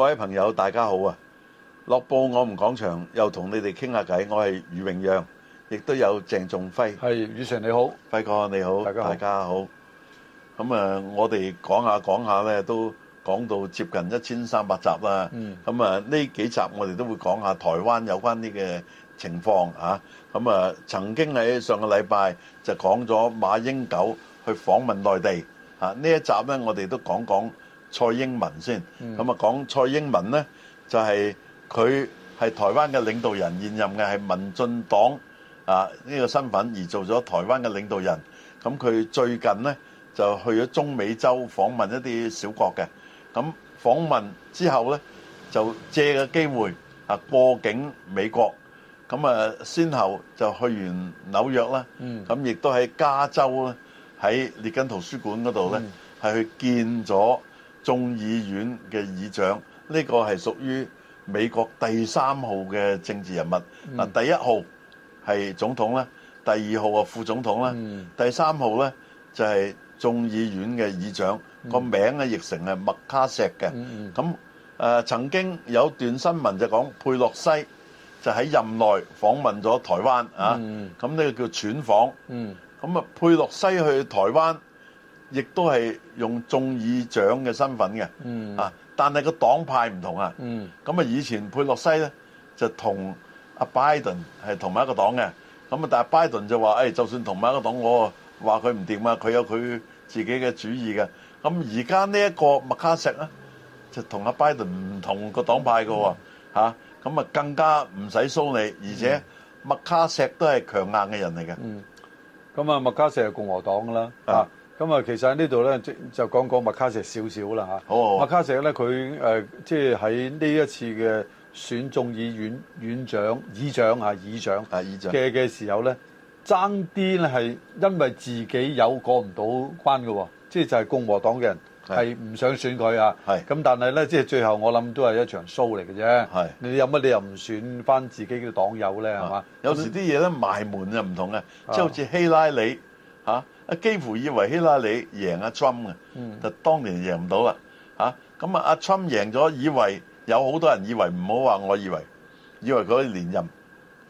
各位朋友，大家好啊！《樂報我哋講場，又同你哋傾下偈。我係余榮讓，亦都有鄭仲輝。係宇成你好，輝哥你好，大家好。咁啊，我哋講下講下咧，都講到接近一千三百集啦。咁、嗯、啊，呢幾集我哋都會講下台灣有關啲嘅情況啊。咁啊，曾經喺上個禮拜就講咗馬英九去訪問內地啊。呢一集咧，我哋都講講。蔡英文先。咁啊，講蔡英文咧，就係佢係台灣嘅領導人，現任嘅係民進黨啊呢個身份而做咗台灣嘅領導人。咁佢最近咧就去咗中美洲訪問一啲小國嘅，咁訪問之後咧就借個機會啊過境美國，咁啊先後就去完紐約啦，嗯，咁亦都喺加州咧喺列根圖書館嗰度咧係去見咗眾議院嘅議長，呢個係屬於美國第三號嘅政治人物，嗱，第一號係總統咧，第二號啊副總統咧，第三號咧就係眾議院嘅議長，個名啊譯成係麥卡錫嘅。咁誒曾經有段新聞就講佩洛西就喺任內訪問咗台灣啊，咁呢個叫竄訪。咁啊佩洛西去台灣。亦都係用眾議長嘅身份嘅，啊、嗯，但係個黨派唔同啊。咁、嗯、啊，以前佩洛西咧就同阿拜登係同埋一個黨嘅，咁啊，但係拜登就話，誒、哎，就算同埋一個黨，我話佢唔掂啊，佢有佢自己嘅主意嘅。咁而家呢一個麥卡錫咧，就同阿拜登唔同個黨派㗎喎，咁、嗯、啊更加唔使騷你，而且麥卡錫都係強硬嘅人嚟嘅。嗯，咁啊，麥卡錫係共和黨㗎啦、嗯，啊。咁啊，其實喺呢度咧，就講講麥卡錫少少啦嚇。麥卡錫咧，佢即係喺呢一次嘅選眾議院院長、議長嚇、議長嘅嘅時候咧，爭啲咧係因為自己有過唔到關嘅喎，即係就係、是、共和黨嘅人係唔想選佢啊。咁但係咧，即係最後我諗都係一場 show 嚟嘅啫。你有乜理由唔選翻自己嘅黨友咧？係嘛？有時啲嘢咧埋門就唔同嘅、啊，即係好似希拉里、啊啊，幾乎以為希拉里贏阿 Trump 嘅，但當年贏唔到啦嚇。咁啊，阿、啊、Trump 贏咗，以為有好多人以為唔好話，不要說我以為以為佢可以連任，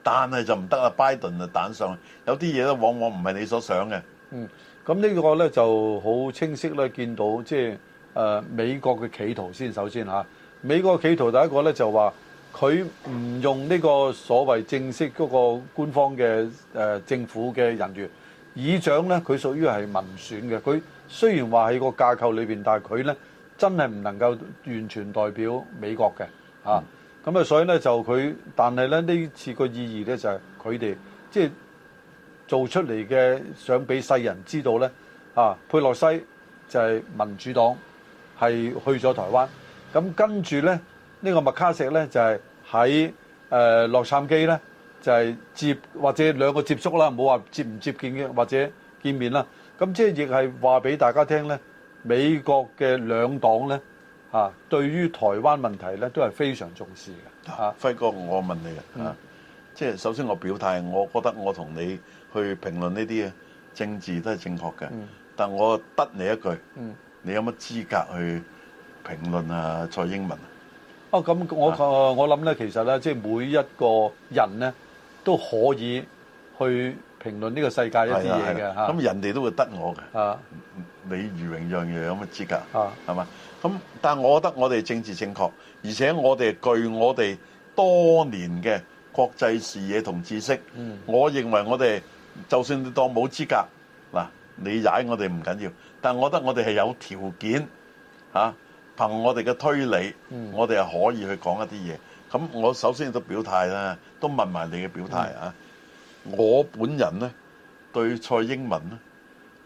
但係就唔得啦。拜登就彈上去，有啲嘢咧往往唔係你所想嘅。嗯，咁呢個咧就好清晰咧，見到即係誒、呃、美國嘅企圖先，首先嚇、啊、美國企圖第一個咧就話佢唔用呢個所謂正式嗰個官方嘅誒、呃、政府嘅人員。議長咧，佢屬於係民選嘅。佢雖然話喺個架構裏面，但佢咧真係唔能夠完全代表美國嘅。啊，咁啊，所以咧就佢，但係咧呢次個意義咧就係佢哋即係做出嚟嘅，想俾世人知道咧。啊，佩洛西就係民主黨，係去咗台灣。咁跟住咧，呢個麥卡錫咧就係喺、呃、洛杉磯咧。就係、是、接或者兩個接觸啦，冇話接唔接見嘅或者見面啦。咁即係亦係話俾大家聽咧，美國嘅兩黨咧嚇、啊、對於台灣問題咧都係非常重視嘅。啊，輝哥，我問你啊，嗯、即係首先我表態，我覺得我同你去評論呢啲政治都係正確嘅，嗯。但我得你一句。嗯。你有乜資格去評論阿蔡英文啊？啊，咁，我我諗咧，其實咧，即係每一個人咧。都可以去評論呢個世界一啲嘢嘅嚇，咁人哋都會得我嘅。啊，你余榮讓有乜資格是啊是？係嘛？咁但係我覺得我哋政治正確，而且我哋據我哋多年嘅國際視野同知識，我認為我哋就算你當冇資格嗱，你踩我哋唔緊要。但係我覺得我哋係有條件嚇，憑我哋嘅推理，我哋係可以去講一啲嘢。咁我首先都表態啦，都問埋你嘅表態啊！我本人咧對蔡英文咧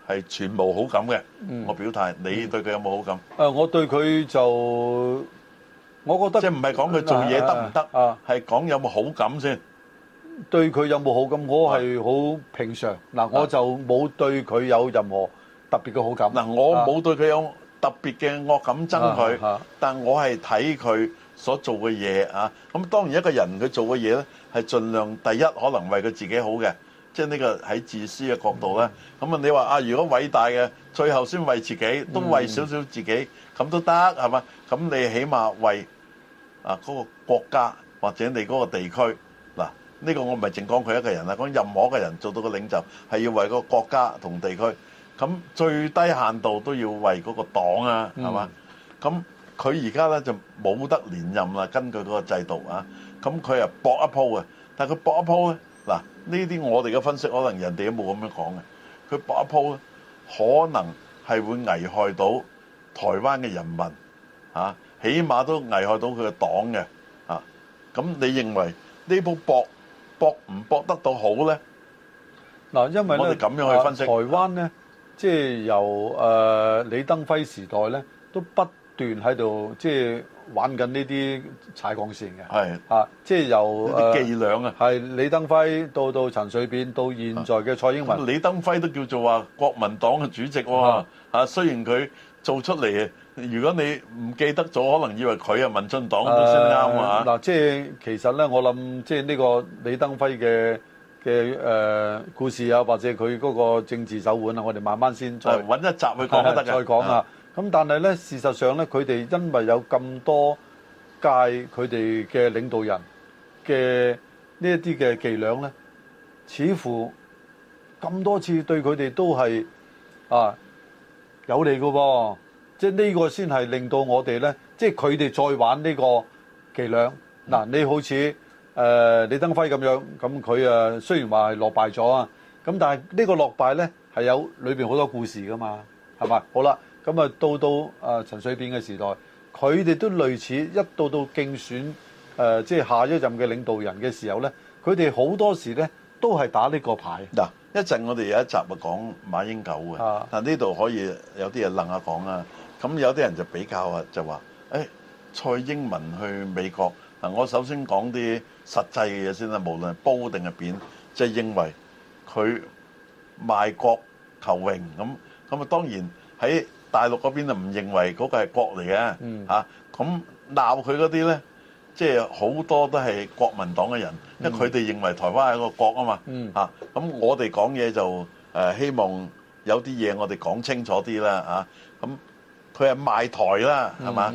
係全無好感嘅，我表態。你對佢有冇好感？誒，我對佢就我覺得即係唔係講佢做嘢得唔得啊？係講有冇好感先？對佢有冇好感？我係好平常嗱，我就冇對佢有任何特別嘅好感。嗱，我冇對佢有特別嘅惡感憎佢，但我係睇佢所做嘅嘢啊，咁當然一個人佢做嘅嘢咧，係盡量第一可能為佢自己好嘅，即係呢個喺自私嘅角度咧。咁啊，你話啊，如果偉大嘅，最後先為自己，都為少少自己，咁都得係嘛？咁你起碼為啊嗰個國家或者你嗰個地區嗱，呢個我唔係淨講佢一個人啊，講任何一個人做到個領袖，係要為個國家同地區，咁最低限度都要為嗰個黨啊，係嘛？咁佢而家咧就冇得連任啦，根據嗰個制度啊，咁佢啊搏一鋪嘅，但係佢搏一鋪咧，嗱呢啲我哋嘅分析可能人哋都冇咁樣講嘅，佢搏一鋪咧可能係會危害到台灣嘅人民啊，起碼都危害到佢嘅黨嘅啊，咁你認為呢鋪搏搏唔搏得到好咧？嗱，因為我哋咁樣去分析，台灣咧即係由誒李登輝時代咧都不段喺度即係玩緊呢啲踩鋼線嘅，係啊，即係由啲伎倆啊、呃，係李登輝到到陳水扁到現在嘅蔡英文，啊、李登輝都叫做話國民黨嘅主席喎，啊，雖然佢做出嚟，如果你唔記得咗，可能以為佢係民進黨先啱啊。嗱、啊啊，即係其實咧，我諗即係呢個李登輝嘅嘅誒故事啊，或者佢嗰個政治手腕啊，我哋慢慢先再揾一集去講都得，再講啊。咁但係咧，事實上咧，佢哋因為有咁多屆佢哋嘅領導人嘅呢一啲嘅伎倆咧，似乎咁多次對佢哋都係啊有利嘅喎。即係呢個先係令到我哋咧，即係佢哋再玩呢個伎倆嗱。你好似誒李登輝咁樣咁，佢誒雖然話係落敗咗啊，咁但係呢個落敗咧係有裏邊好多故事噶嘛，係咪？好啦。咁啊，到到啊陳水扁嘅時代，佢哋都類似一到到競選誒、呃、即係下一任嘅領導人嘅時候咧，佢哋好多時咧都係打呢個牌。嗱、啊，一陣我哋有一集啊講馬英九嘅、啊，但呢度可以有啲嘢楞下講啊。咁有啲人就比較啊，就話、哎、蔡英文去美國。嗱、啊，我首先講啲實際嘅嘢先啦，無論係煲定係扁，係、即係、認為佢賣國求榮咁。咁啊，當然喺大陸嗰邊就唔認為嗰個係國嚟嘅，嚇咁鬧佢嗰啲咧，即係好多都係國民黨嘅人，因為佢哋認為台灣係一個國啊嘛，嚇咁我哋講嘢就誒希望有啲嘢我哋講清楚啲啦，嚇咁佢係賣台啦，係嘛？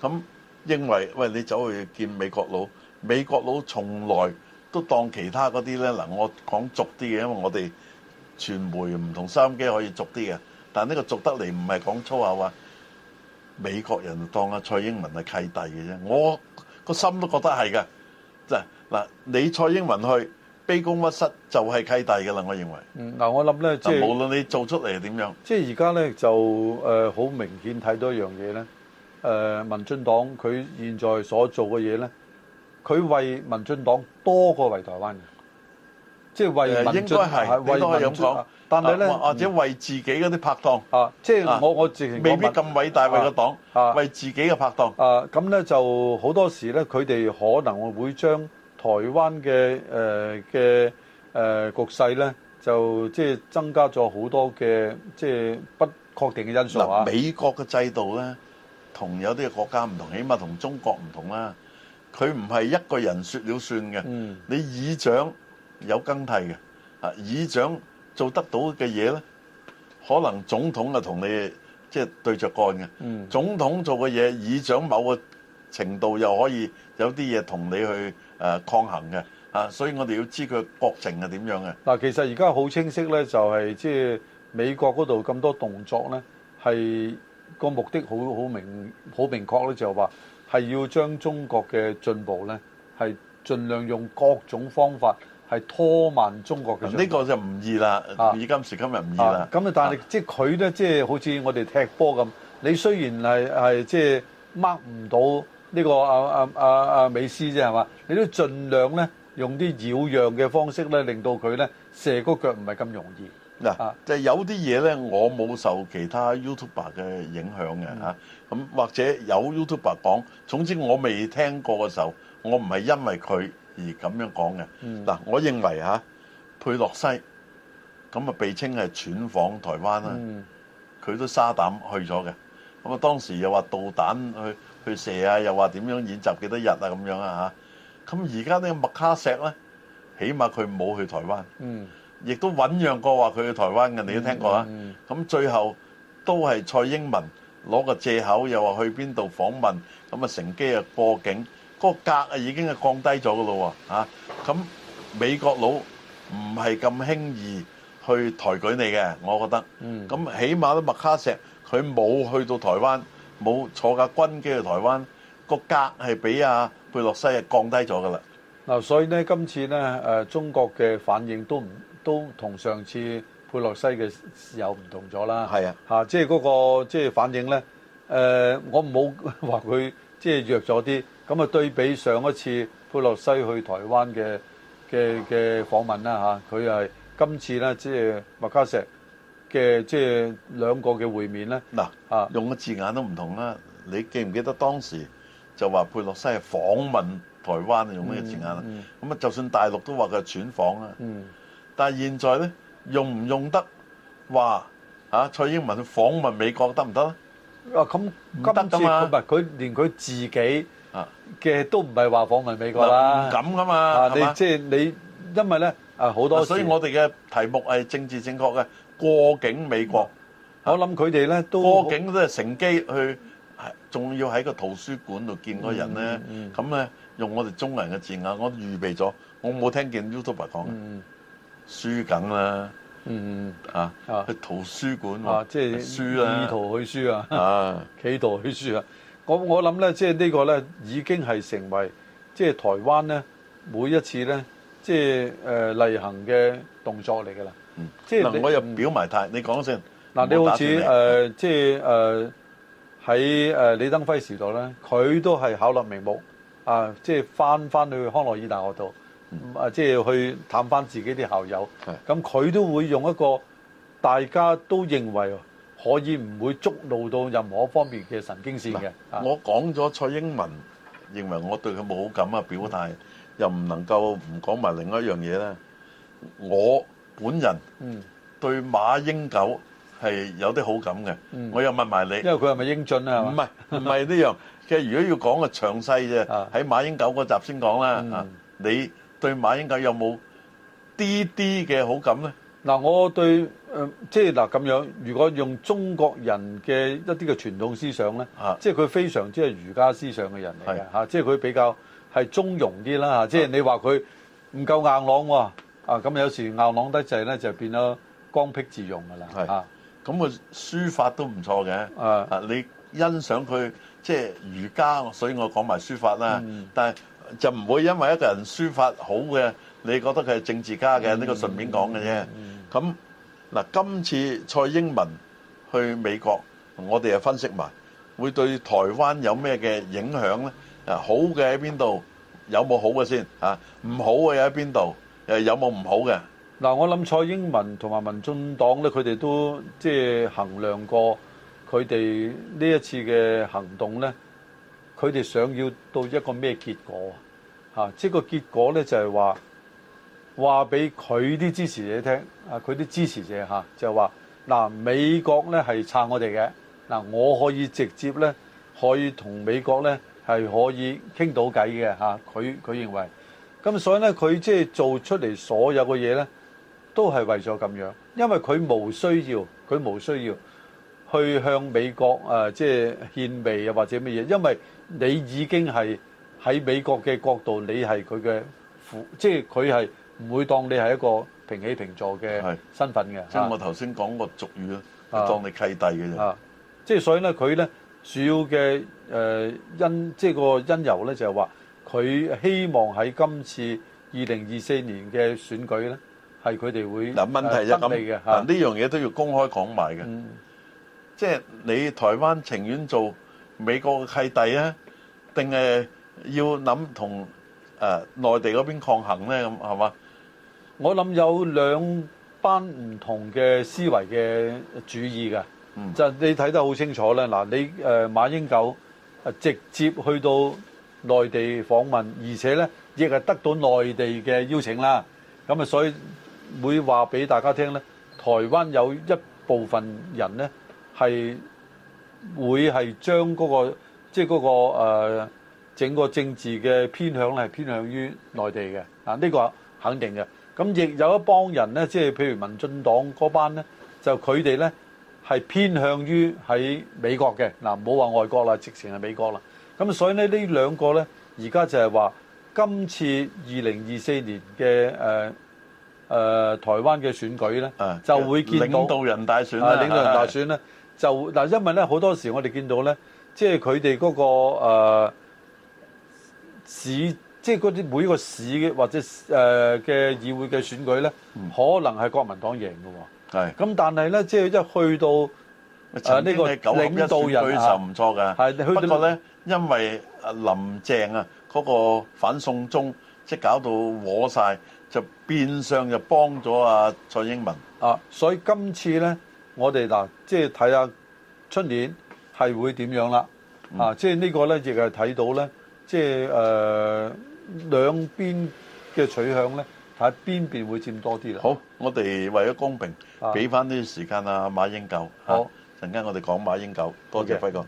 咁認為喂，你走去見美國佬，美國佬從來都當其他嗰啲咧，嗱，我講俗啲嘅，因為我哋傳媒唔同收音機可以俗啲嘅。但呢個俗得嚟唔係講粗口話，美國人當阿蔡英文係契弟嘅啫，我個心都覺得係㗎。即係嗱，你蔡英文去卑躬屈膝就係契弟嘅啦，嗯，我認為。嗯，嗱，我諗咧，就係無論你做出嚟係點樣，即現在呢，即係而家咧就誒好、呃、明顯睇到一樣嘢咧，誒、呃、民進黨佢現在所做嘅嘢咧，佢為民進黨多過為台灣。即、就、係、是、為民進黨，你都可以咁講。但係咧，或者為自己嗰啲拍檔。即、啊、係、就是、我、啊、我之前未必咁偉大為的，為個黨，為自己嘅拍檔。咁、啊、咧、啊啊、就好多時咧，佢哋可能會將台灣嘅誒嘅誒局勢咧，就即係、就是、增加咗好多嘅即係不確定嘅因素、啊、美國嘅制度咧，同有啲國家唔同，起碼同中國唔同啦、啊。佢唔係一個人説了算嘅、嗯。你議長。有更替嘅啊，議長做得到嘅嘢咧，可能總統啊同你即係對着幹嘅。總統做嘅嘢，議長某個程度又可以有啲嘢同你去誒抗衡嘅啊，所以我哋要知佢國情係點樣嘅。嗱，其實而家好清晰咧，就係即係美國嗰度咁多動作咧，係個目的好好明好明確咧，就係話係要將中國嘅進步咧，係盡量用各種方法。係拖慢中國嘅呢個就唔易啦！以、啊、今時今日唔易啦。咁啊，啊，但係即係佢咧，即係好似我哋踢波咁，你雖然係係即係掹唔到呢個啊啊啊啊美斯啫係嘛，你都盡量咧用啲擾攘嘅方式咧，令到佢咧射嗰腳唔係咁容易。嗱、啊啊，就係、是、有啲嘢咧，我冇受其他 YouTuber 嘅影響嘅嚇，咁、嗯啊、或者有 YouTuber 講，總之我未聽過嘅時候，我唔係因為佢。而咁樣講嘅，嗱、嗯，我認為嚇、啊、佩洛西咁啊，被稱係竄訪台灣啦、啊，佢、嗯、都沙膽去咗嘅，咁啊當時又話導彈去去射啊，又話點樣演習幾多日啊咁樣啊嚇，咁而家呢個麥卡錫咧，起碼佢冇去台灣，亦、嗯、都醞釀過話佢去台灣嘅、嗯，你都聽過啦，咁、嗯嗯、最後都係蔡英文攞個藉口，又話去邊度訪問，咁啊乘機啊過境。個格啊已經係降低咗嘅咯喎，咁、啊、美國佬唔係咁輕易去抬舉你嘅，我覺得。咁、嗯、起碼都麥卡錫佢冇去到台灣，冇坐架軍機去台灣，個格係比阿佩洛西係降低咗嘅啦。嗱，所以咧今次咧誒、呃、中國嘅反應都唔都同上次佩洛西嘅時候唔同咗啦。係啊，啊，嚇即係嗰個即係、就是、反應咧，誒、呃、我冇話佢即係弱咗啲。咁啊，對比上一次佩洛西去台灣嘅嘅嘅訪問啦嚇，佢係今次咧，即係麥卡錫嘅即係兩個嘅會面咧。嗱啊，用嘅字眼都唔同啦。你記唔記得當時就話佩洛西係訪問台灣啊？用咩字眼啊？咁啊，就算大陸都話佢係竄訪啦。但係現在咧，用唔用得話嚇蔡英文訪問美國得唔得啊？啊咁唔得嘛！今次佢連佢自己。啊其實都唔係話訪問美國啦，唔敢噶嘛，你即係、就是、你，因為咧啊好多，所以我哋嘅題目係政治正確嘅過境美國。我諗佢哋咧都過境都係乘機去，仲要喺個圖書館度見個人咧，咁、嗯、咧、嗯、用我哋中文嘅字眼，我預備咗，我冇聽見 YouTuber 講嗯輸梗啦，嗯，嗯，嗯啊，啊，啊，啊去圖書館啊即係書啊意圖去書啊，啊，企圖去書啊。我我諗咧，即係呢個咧已經係成為即係台灣咧每一次咧即係例行嘅動作嚟嘅啦。嗯，即係我又表埋態，你講先。嗱，你好似誒即係喺誒李登輝時代咧，佢都係巧立名目啊，即係翻翻去康奈爾大學度啊，即、嗯、係去探翻自己啲校友。咁佢都會用一個大家都認為可以唔會觸怒到任何方面嘅神經線嘅。我講咗蔡英文認為我對佢冇好感啊，表態又唔能夠唔講埋另外一樣嘢咧。我本人對馬英九係有啲好感嘅，我又問埋你，因為佢係咪英俊啊？唔係唔係呢樣，其實如果要講個詳細啫，喺馬英九嗰集先講啦。你對馬英九有冇啲啲嘅好感咧？嗱，我對。誒、嗯，即係嗱咁樣。如果用中國人嘅一啲嘅傳統思想咧，即係佢非常之係儒家思想嘅人嚟嘅，即係佢比較係中庸啲啦，即係你話佢唔夠硬朗喎，啊咁有時硬朗得滯咧，就變咗剛愎自用噶啦嚇。咁、啊、佢、啊啊啊、書法都唔錯嘅啊！你欣賞佢即係儒家，所以我講埋書法啦、嗯。但係就唔會因為一個人書法好嘅，你覺得佢係政治家嘅，呢個順便講嘅啫。咁、嗯嗯嗱，今次蔡英文去美國，我哋又分析埋，會對台灣有咩嘅影響咧？啊，好嘅喺邊度？有冇好嘅先？啊，唔好嘅喺邊度？誒，有冇唔好嘅？嗱，我諗蔡英文同埋民進黨咧，佢哋都即係衡量過佢哋呢一次嘅行動咧，佢哋想要到一個咩結果？嚇，即係個結果咧，就係話。話俾佢啲支持者聽啊！佢啲支持者吓就話嗱，美國咧係撐我哋嘅嗱，我可以直接咧可以同美國咧係可以傾到偈嘅吓，佢佢認為咁，所以咧佢即係做出嚟所有嘅嘢咧，都係為咗咁樣，因為佢冇需要佢冇需要去向美國啊，即係獻媚啊，或者乜嘢，因為你已經係喺美國嘅角度，你係佢嘅父，即係佢係。唔會當你係一個平起平坐嘅身份嘅，即係、就是、我頭先講個俗語咯，當你契弟嘅啫、啊。即係、啊就是、所以咧，佢咧主要嘅誒、呃、因即係個因由咧，就係話佢希望喺今次二零二四年嘅選舉咧，係佢哋會諗問題就係咁，嗱呢樣嘢都要公開講埋嘅、啊嗯，即係你台灣情願做美國契弟啊，定係要諗同誒內地嗰邊抗衡咧，咁係嘛？是吧。我諗有兩班唔同嘅思維嘅主意嘅，就你睇得好清楚咧。嗱，你誒馬英九直接去到內地訪問，而且咧亦係得到內地嘅邀請啦。咁啊，所以會話俾大家聽咧，台灣有一部分人咧係會係將嗰個即係嗰個整個政治嘅偏向咧，係偏向於內地嘅。啊，呢個肯定嘅。咁亦有一幫人咧，即係譬如民進黨嗰班咧，就佢哋咧係偏向於喺美國嘅。嗱，唔好話外國啦，直情係美國啦。咁所以呢，呢兩個咧，而家就係話今次二零二四年嘅誒誒台灣嘅選舉咧，就會見到領導人大選啦，啊、領導人大選咧就嗱，因為咧好多時我哋見到咧，即係佢哋嗰個市。呃即係嗰啲每一個市的或者誒嘅、呃、議會嘅選舉咧、嗯，可能係國民黨贏嘅喎、哦。咁但係咧，即係一去到曾經係呢個領導人就唔錯嘅。係、這個啊啊，不過咧，因為阿林鄭啊嗰、那個反送中即係搞到和晒，就變相就幫咗阿、啊、蔡英文。啊，所以今次咧，我哋嗱，即係睇下出年係會點樣啦、嗯。啊，即係呢個咧亦係睇到咧，即係誒。呃兩邊嘅取向咧，睇下邊邊會佔多啲啦。好，我哋為咗公平，俾翻啲時間啊。馬英九。好、啊，陣間我哋講馬英九，多謝輝哥。Okay.